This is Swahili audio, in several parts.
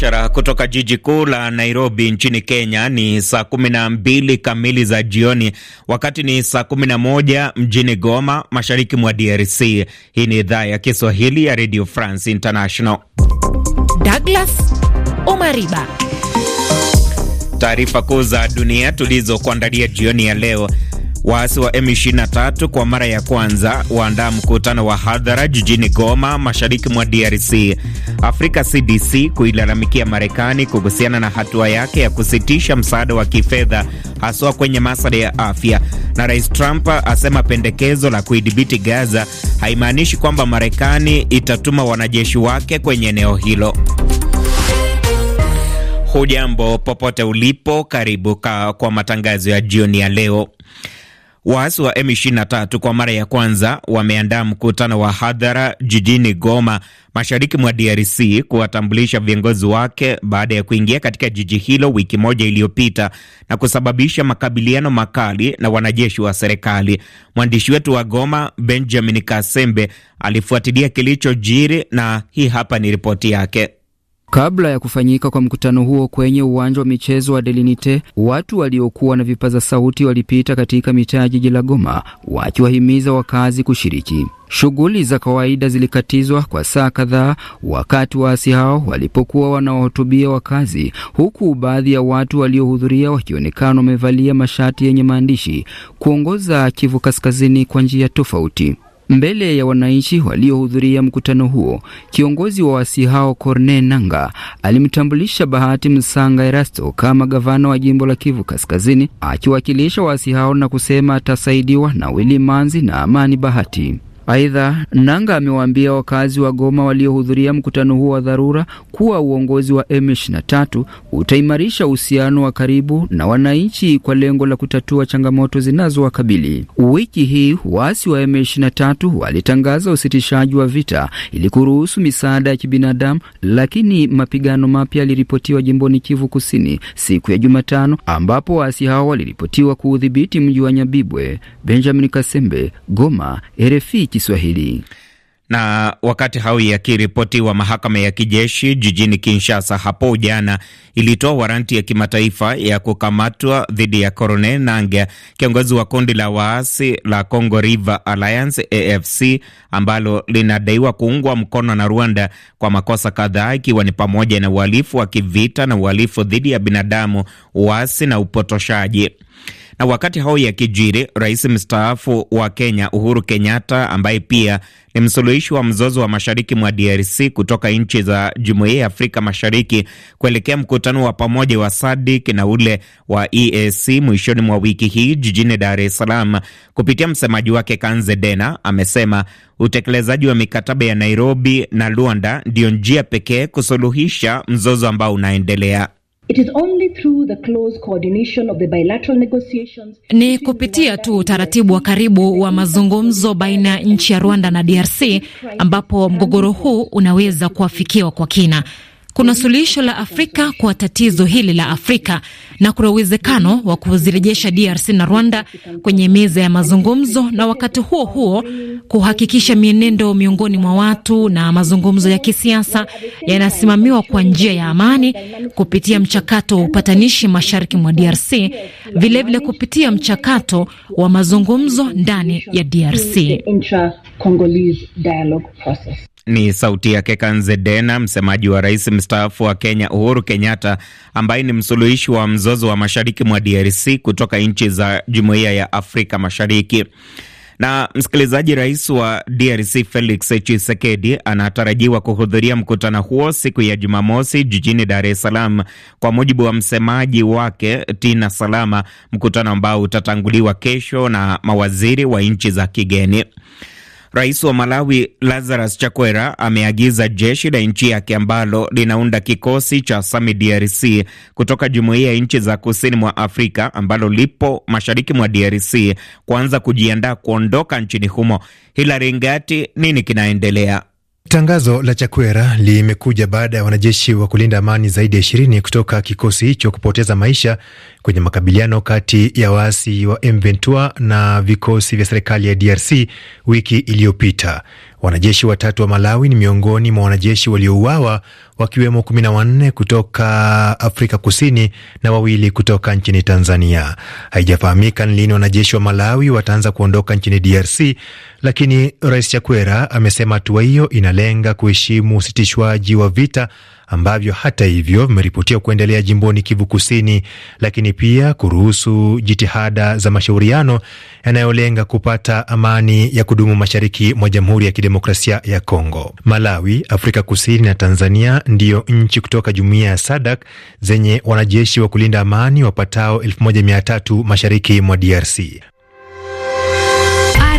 mubashara kutoka jiji kuu la Nairobi nchini Kenya. Ni saa kumi na mbili kamili za jioni, wakati ni saa kumi na moja mjini Goma, mashariki mwa DRC. Hii ni idhaa ya Kiswahili ya Radio France International. Douglas Omariba, taarifa kuu za dunia tulizokuandalia jioni ya leo. Waasi wa M23 kwa mara ya kwanza waandaa mkutano wa hadhara jijini Goma, mashariki mwa DRC. Afrika CDC kuilalamikia Marekani kuhusiana na hatua yake ya kusitisha msaada wa kifedha haswa kwenye masuala ya afya. Na Rais Trump asema pendekezo la kuidhibiti Gaza haimaanishi kwamba Marekani itatuma wanajeshi wake kwenye eneo hilo. Hujambo popote ulipo, karibu kwa matangazo ya jioni ya leo. Waasi wa M23 kwa mara ya kwanza wameandaa mkutano wa hadhara jijini Goma, mashariki mwa DRC, kuwatambulisha viongozi wake baada ya kuingia katika jiji hilo wiki moja iliyopita na kusababisha makabiliano makali na wanajeshi wa serikali. Mwandishi wetu wa Goma, Benjamin Kasembe, alifuatilia kilichojiri na hii hapa ni ripoti yake. Kabla ya kufanyika kwa mkutano huo kwenye uwanja wa michezo wa Delinite, watu waliokuwa na vipaza sauti walipita katika mitaa ya jiji la Goma wakiwahimiza wakazi kushiriki. Shughuli za kawaida zilikatizwa kwa saa kadhaa wakati waasi hao walipokuwa wanawahutubia wakazi, huku baadhi ya watu waliohudhuria wakionekana wamevalia mashati yenye maandishi kuongoza Kivu Kaskazini kwa njia tofauti. Mbele ya wananchi waliohudhuria mkutano huo, kiongozi wa waasi hao Corne Nanga alimtambulisha Bahati Msanga Erasto kama gavana wa jimbo la Kivu Kaskazini, akiwakilisha waasi hao na kusema atasaidiwa na Wili Manzi na Amani Bahati. Aidha, Nanga amewaambia wakazi wa Goma waliohudhuria mkutano huo wa dharura kuwa uongozi wa M23 utaimarisha uhusiano wa karibu na wananchi kwa lengo la kutatua changamoto zinazowakabili. Wiki hii waasi wa M23 walitangaza usitishaji wa vita ili kuruhusu misaada ya kibinadamu, lakini mapigano mapya yaliripotiwa jimboni Kivu Kusini siku ya Jumatano, ambapo waasi hao waliripotiwa kuudhibiti mji wa Nyabibwe. Benjamin Kasembe, Goma, RFI. Kiswahili. Na wakati hao yakiripotiwa, mahakama ya kijeshi jijini Kinshasa hapo jana ilitoa waranti ya kimataifa ya kukamatwa dhidi ya coronel nanga kiongozi wa kundi la waasi la Congo River Alliance AFC ambalo linadaiwa kuungwa mkono na Rwanda kwa makosa kadhaa, ikiwa ni pamoja na uhalifu wa kivita na uhalifu dhidi ya binadamu, uasi na upotoshaji. Na wakati hao yakijiri, rais mstaafu wa Kenya Uhuru Kenyatta, ambaye pia ni msuluhishi wa mzozo wa mashariki mwa DRC kutoka nchi za jumuiya ya Afrika Mashariki kuelekea mkutano wa pamoja wa sadik na ule wa EAC mwishoni mwa wiki hii jijini Dar es Salaam, kupitia msemaji wake Kanze Dena, amesema utekelezaji wa mikataba ya Nairobi na Luanda ndiyo njia pekee kusuluhisha mzozo ambao unaendelea. Ni kupitia tu utaratibu wa karibu wa mazungumzo baina ya nchi ya Rwanda na DRC ambapo mgogoro huu unaweza kuafikiwa kwa kina kuna suluhisho la Afrika kwa tatizo hili la Afrika na kuna uwezekano wa kuzirejesha DRC na Rwanda kwenye meza ya mazungumzo na wakati huo huo kuhakikisha mienendo miongoni mwa watu na mazungumzo ya kisiasa yanasimamiwa kwa njia ya amani kupitia mchakato wa upatanishi mashariki mwa DRC, vilevile vile kupitia mchakato wa mazungumzo ndani ya DRC. Ni sauti yake Kanze Dena, msemaji wa rais mstaafu wa Kenya Uhuru Kenyatta, ambaye ni msuluhishi wa mzozo wa mashariki mwa DRC kutoka nchi za jumuiya ya Afrika Mashariki. Na msikilizaji, rais wa DRC Felix Tshisekedi anatarajiwa kuhudhuria mkutano huo siku ya Jumamosi jijini Dar es Salaam, kwa mujibu wa msemaji wake Tina Salama, mkutano ambao utatanguliwa kesho na mawaziri wa nchi za kigeni. Rais wa Malawi Lazarus Chakwera ameagiza jeshi la nchi yake ambalo linaunda kikosi cha sami drc kutoka jumuiya ya nchi za kusini mwa Afrika ambalo lipo mashariki mwa DRC kuanza kujiandaa kuondoka nchini humo. Hilary Ngati, nini kinaendelea? Tangazo la Chakwera limekuja baada ya wanajeshi wa kulinda amani zaidi ya ishirini kutoka kikosi hicho kupoteza maisha kwenye makabiliano kati ya waasi wa M23 na vikosi vya serikali ya DRC wiki iliyopita. Wanajeshi watatu wa Malawi ni miongoni mwa wanajeshi waliouawa wakiwemo kumi na wanne kutoka Afrika Kusini na wawili kutoka nchini Tanzania. Haijafahamika ni lini wanajeshi wa Malawi wataanza kuondoka nchini DRC, lakini Rais Chakwera amesema hatua hiyo inalenga kuheshimu usitishwaji wa vita ambavyo hata hivyo vimeripotiwa kuendelea jimboni Kivu Kusini, lakini pia kuruhusu jitihada za mashauriano yanayolenga kupata amani ya kudumu mashariki mwa Jamhuri ya Kidemokrasia ya Kongo. Malawi, Afrika Kusini na Tanzania ndiyo nchi kutoka jumuiya ya sadak zenye wanajeshi wa kulinda amani wapatao 1300 mashariki mwa DRC.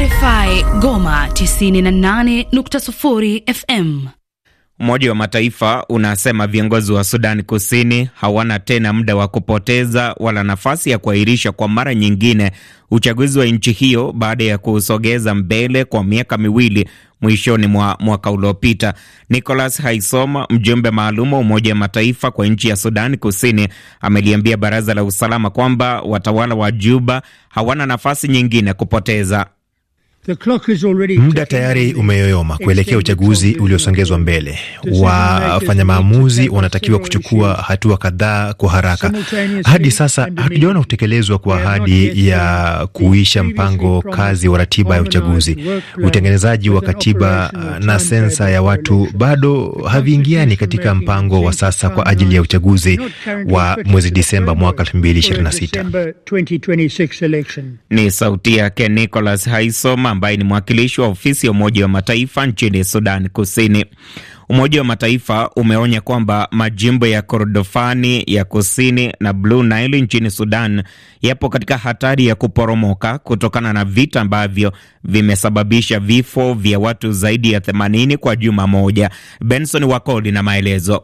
RFI Goma 98.0 FM. Umoja wa Mataifa unasema viongozi wa sudani Kusini hawana tena muda wa kupoteza wala nafasi ya kuahirisha kwa mara nyingine uchaguzi wa nchi hiyo baada ya kusogeza mbele kwa miaka miwili mwishoni mwa mwaka uliopita. nicolas Haisoma, mjumbe maalum wa Umoja wa Mataifa kwa nchi ya sudani Kusini, ameliambia Baraza la Usalama kwamba watawala wa Juba hawana nafasi nyingine kupoteza. Muda tayari umeyoyoma kuelekea uchaguzi uliosongezwa mbele. Wafanya maamuzi wanatakiwa kuchukua hatua kadhaa kwa haraka. Hadi sasa hatujaona kutekelezwa kwa ahadi ya kuisha mpango kazi wa ratiba ya uchaguzi. Utengenezaji wa katiba na sensa ya watu bado haviingiani katika mpango wa sasa kwa ajili ya uchaguzi wa mwezi Disemba mwaka 2026. Ni sauti yake Nicholas Haiso ambaye ni mwakilishi wa ofisi ya Umoja wa Mataifa nchini Sudan Kusini. Umoja wa Mataifa umeonya kwamba majimbo ya Kordofani ya kusini na Blue Nile nchini Sudan yapo katika hatari ya kuporomoka kutokana na vita ambavyo vimesababisha vifo vya watu zaidi ya 80 kwa juma moja. Benson Wakoli na maelezo.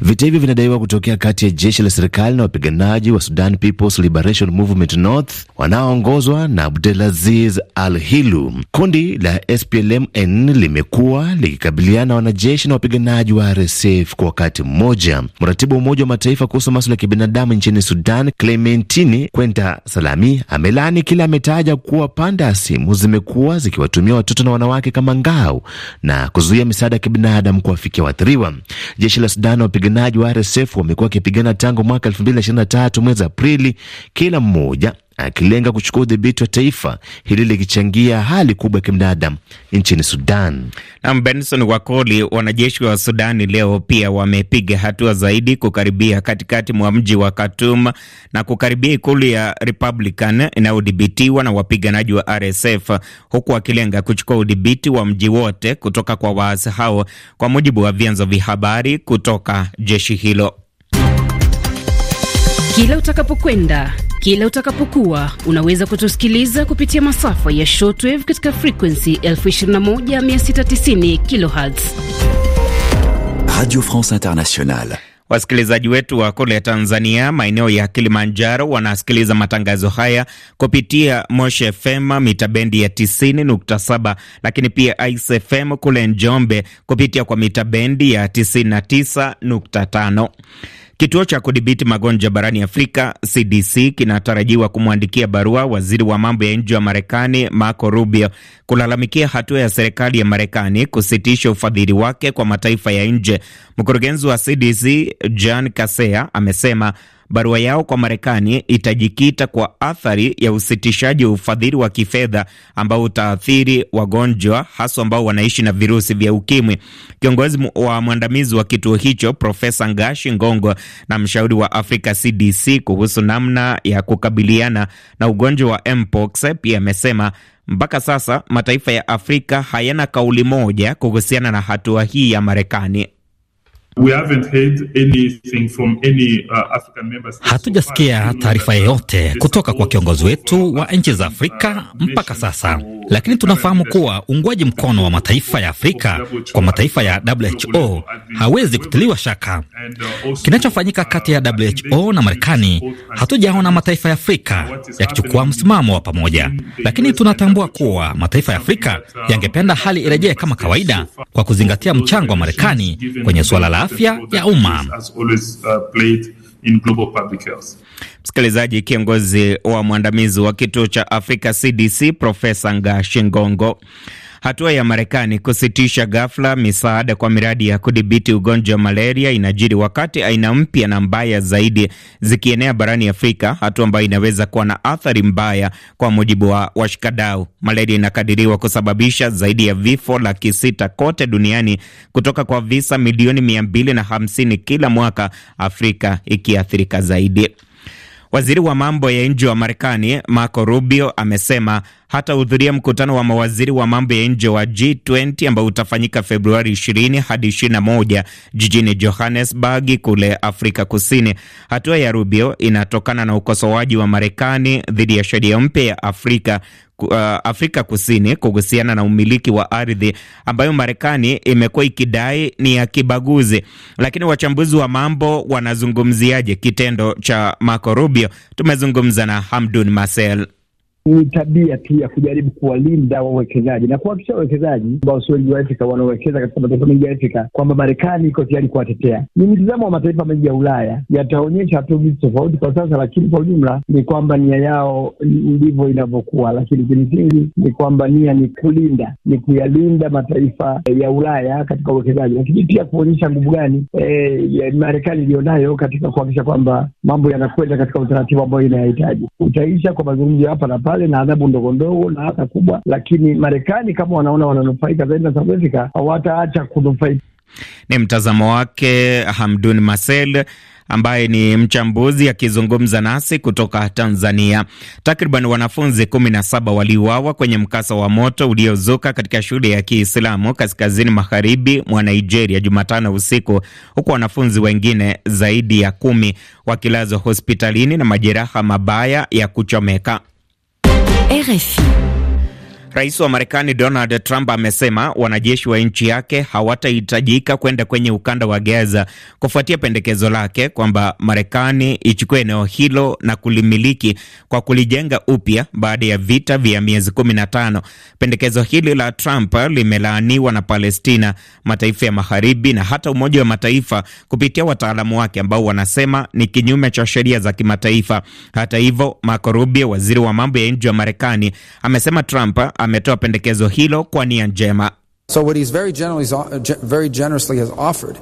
Vita hivyo vinadaiwa kutokea kati ya jeshi la serikali na wapiganaji wa Sudan People's Liberation Movement North wanaoongozwa na Abdelaziz Al Hilu. Kundi la SPLMN limekuwa likikabiliana na wanajeshi na wapiganaji wa RSF kwa wakati mmoja. Mratibu wa Umoja wa Mataifa kuhusu maswala ya kibinadamu nchini Sudan, Clementini Kwenta Salami, amelaani kila ametaja kuwa panda ya simu zimekuwa zikiwatumia watoto na wanawake kama ngao na kuzuia misaada ya kibinadamu kuwafikia waathiriwa. Jeshi la Sudan Wapiganaji wa RSF wamekuwa wakipigana tangu mwaka 2023 mwezi Aprili, kila mmoja akilenga kuchukua udhibiti wa taifa hili likichangia hali kubwa ya kibinadamu nchini Sudan. Nam Benson Wakoli. Wanajeshi wa Sudani leo pia wamepiga hatua zaidi kukaribia katikati mwa mji wa Khartoum na kukaribia ikulu ya Republican inayodhibitiwa na wapiganaji wa RSF, huku wakilenga kuchukua udhibiti wa mji wote kutoka kwa waasi hao, kwa mujibu wa vyanzo vya habari kutoka jeshi hilo. Kila utakapokwenda kila utakapokuwa unaweza kutusikiliza kupitia masafa ya shortwave katika frekuensi 21690 kHz. Radio France Internationale. Wasikilizaji wetu wa kule Tanzania, maeneo ya Kilimanjaro, wanasikiliza matangazo haya kupitia Moshi FM mita bendi ya 90.7, lakini pia Ice FM kule Njombe kupitia kwa mita bendi ya 99.5. Kituo cha kudhibiti magonjwa barani Afrika CDC kinatarajiwa kumwandikia barua waziri wa mambo ya nje wa Marekani Marco Rubio kulalamikia hatua ya serikali ya Marekani kusitisha ufadhili wake kwa mataifa ya nje. Mkurugenzi wa CDC Jan Kasea amesema barua yao kwa Marekani itajikita kwa athari ya usitishaji wa ufadhili wa kifedha ambao utaathiri wagonjwa haswa ambao wanaishi na virusi vya ukimwi. Kiongozi wa mwandamizi wa kituo hicho Profesa Ngashi Ngongo na mshauri wa Afrika CDC kuhusu namna ya kukabiliana na ugonjwa wa mpox pia amesema mpaka sasa mataifa ya Afrika hayana kauli moja kuhusiana na hatua hii ya Marekani. Uh, Hatujasikia taarifa uh, yeyote kutoka kwa kiongozi uh, wetu wa nchi za Afrika mpaka sasa, lakini tunafahamu kuwa uungwaji mkono wa mataifa ya Afrika kwa mataifa ya WHO hawezi kutiliwa shaka. Kinachofanyika kati ya WHO na Marekani, hatujaona mataifa ya Afrika yakichukua msimamo wa pamoja, lakini tunatambua kuwa mataifa ya Afrika yangependa hali irejee kama kawaida kwa kuzingatia mchango wa Marekani kwenye suala la afya ya umma. Uh, Msikilizaji, kiongozi wa mwandamizi wa kituo cha Afrika CDC Profesa Ngashingongo Hatua ya Marekani kusitisha ghafla misaada kwa miradi ya kudhibiti ugonjwa wa malaria inajiri wakati aina mpya na mbaya zaidi zikienea barani Afrika, hatua ambayo inaweza kuwa na athari mbaya kwa mujibu wa washikadau. Malaria inakadiriwa kusababisha zaidi ya vifo laki sita kote duniani kutoka kwa visa milioni mia mbili na hamsini kila mwaka, Afrika ikiathirika zaidi. Waziri wa mambo ya nje wa Marekani Marco Rubio amesema hatahudhuria mkutano wa mawaziri wa mambo ya nje wa G20 ambao utafanyika Februari 20 hadi 21 jijini Johannesburg kule Afrika Kusini. Hatua ya Rubio inatokana na ukosoaji wa Marekani dhidi ya sheria mpya ya Afrika uh, Afrika Kusini kuhusiana na umiliki wa ardhi ambayo Marekani imekuwa ikidai ni ya kibaguzi. Lakini wachambuzi wa mambo wanazungumziaje kitendo cha Marco Rubio? Tumezungumza na Hamdun Marcel ni tabia pia kujaribu kuwalinda wawekezaji na kuhakikisha wawekezaji ambao sio wengi wa Afrika wanaowekeza katika mataifa mengi ya Afrika kwamba Marekani iko tayari kuwatetea. Ni mtizamo wa mataifa mengi ya Ulaya, yataonyesha tu vitu tofauti kwa sasa, lakini kwa ujumla ni kwamba nia yao ndivyo inavyokuwa, lakini kimsingi ni kwamba nia ni kulinda, ni kuyalinda mataifa ya Ulaya katika uwekezaji, lakini pia kuonyesha nguvu gani e, Marekani iliyonayo katika kuhakikisha kwamba mambo yanakwenda katika utaratibu ambao inayahitaji. Utaisha kwa mazungumzo hapa na pale pale na adhabu ndogo ndogo na hata kubwa, lakini Marekani kama wanaona wananufaika zaidi na South Africa hawataacha kunufaika. Ni mtazamo wake Hamdun Masel ambaye ni mchambuzi akizungumza nasi kutoka Tanzania. Takriban wanafunzi 17 waliuawa kwenye mkasa wa moto uliozuka katika shule ya Kiislamu kaskazini magharibi mwa Nigeria Jumatano usiku, huku wanafunzi wengine zaidi ya kumi wakilazwa hospitalini na majeraha mabaya ya kuchomeka. RFI Rais wa Marekani Donald Trump amesema wanajeshi wa nchi yake hawatahitajika kwenda kwenye ukanda wa Gaza kufuatia pendekezo lake kwamba Marekani ichukue eneo hilo na kulimiliki kwa kulijenga upya baada ya vita vya miezi 15. Pendekezo hili la Trump limelaaniwa na Palestina, mataifa ya Magharibi na hata Umoja wa Mataifa kupitia wataalamu wake ambao wanasema ni kinyume cha sheria za kimataifa. Hata hivyo, Marco Rubio, waziri wa mambo ya nje wa Marekani, amesema Trump ametoa pendekezo hilo kwa nia njema. So what he's very generously, uh, very generously has offered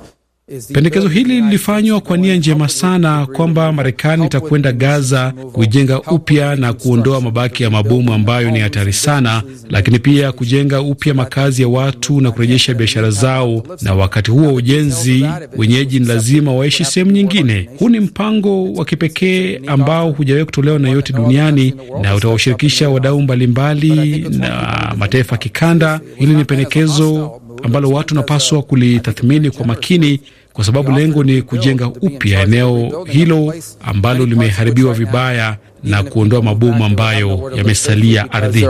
Pendekezo hili lilifanywa kwa nia njema sana kwamba Marekani itakwenda Gaza kuijenga upya na kuondoa mabaki ya mabomu ambayo ni hatari sana, lakini pia kujenga upya makazi ya watu na kurejesha biashara zao. Na wakati huo wa ujenzi, wenyeji ni lazima waishi sehemu nyingine. Huu ni mpango wa kipekee ambao hujawahi kutolewa na yote duniani na utawashirikisha wadau mbalimbali na mataifa kikanda. Hili ni pendekezo ambalo watu wanapaswa kulitathmini kwa makini, kwa sababu lengo ni kujenga upya eneo hilo ambalo limeharibiwa vibaya na kuondoa mabomu ambayo yamesalia ardhini.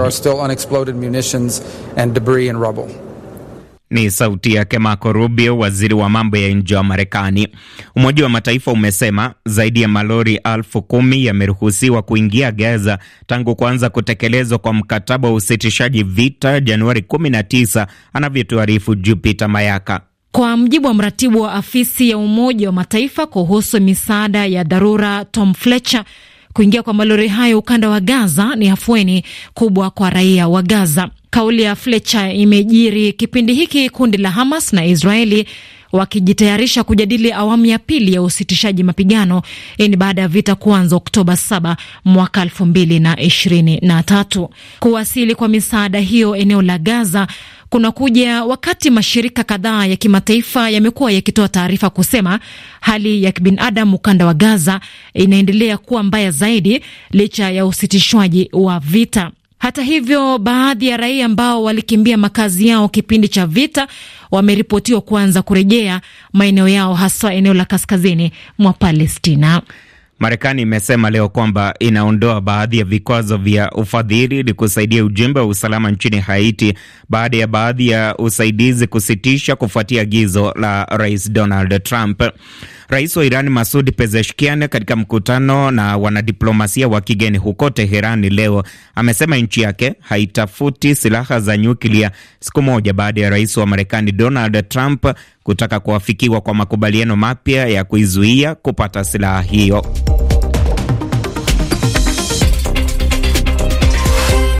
Ni sauti yake Marco Rubio, waziri wa mambo ya nje wa Marekani. Umoja wa Mataifa umesema zaidi ya malori elfu kumi yameruhusiwa kuingia Gaza tangu kuanza kutekelezwa kwa mkataba wa usitishaji vita Januari 19, anavyotuarifu Jupiter Mayaka. Kwa mjibu wa mratibu wa afisi ya Umoja wa Mataifa kuhusu misaada ya dharura Tom Fletcher, kuingia kwa malori hayo ukanda wa Gaza ni afueni kubwa kwa raia wa Gaza. Kauli ya Fletcher imejiri kipindi hiki kundi la Hamas na Israeli wakijitayarisha kujadili awamu ya pili ya usitishaji mapigano. Hii ni baada ya vita kuanza Oktoba 7 mwaka 2023. Kuwasili kwa misaada hiyo eneo la Gaza kunakuja wakati mashirika kadhaa ya kimataifa yamekuwa yakitoa taarifa kusema hali ya kibinadamu ukanda wa Gaza inaendelea kuwa mbaya zaidi licha ya usitishwaji wa vita. Hata hivyo, baadhi ya raia ambao walikimbia makazi yao kipindi cha vita wameripotiwa kuanza kurejea maeneo yao, haswa eneo la kaskazini mwa Palestina. Marekani imesema leo kwamba inaondoa baadhi ya vikwazo vya ufadhili ili kusaidia ujumbe wa usalama nchini Haiti baada ya baadhi ya usaidizi kusitisha kufuatia agizo la Rais Donald Trump. Rais wa Iran Masud Pezeshkian katika mkutano na wanadiplomasia wa kigeni huko Teherani leo amesema nchi yake haitafuti silaha za nyuklia, siku moja baada ya rais wa Marekani Donald Trump kutaka kuafikiwa kwa makubaliano mapya ya kuizuia kupata silaha hiyo.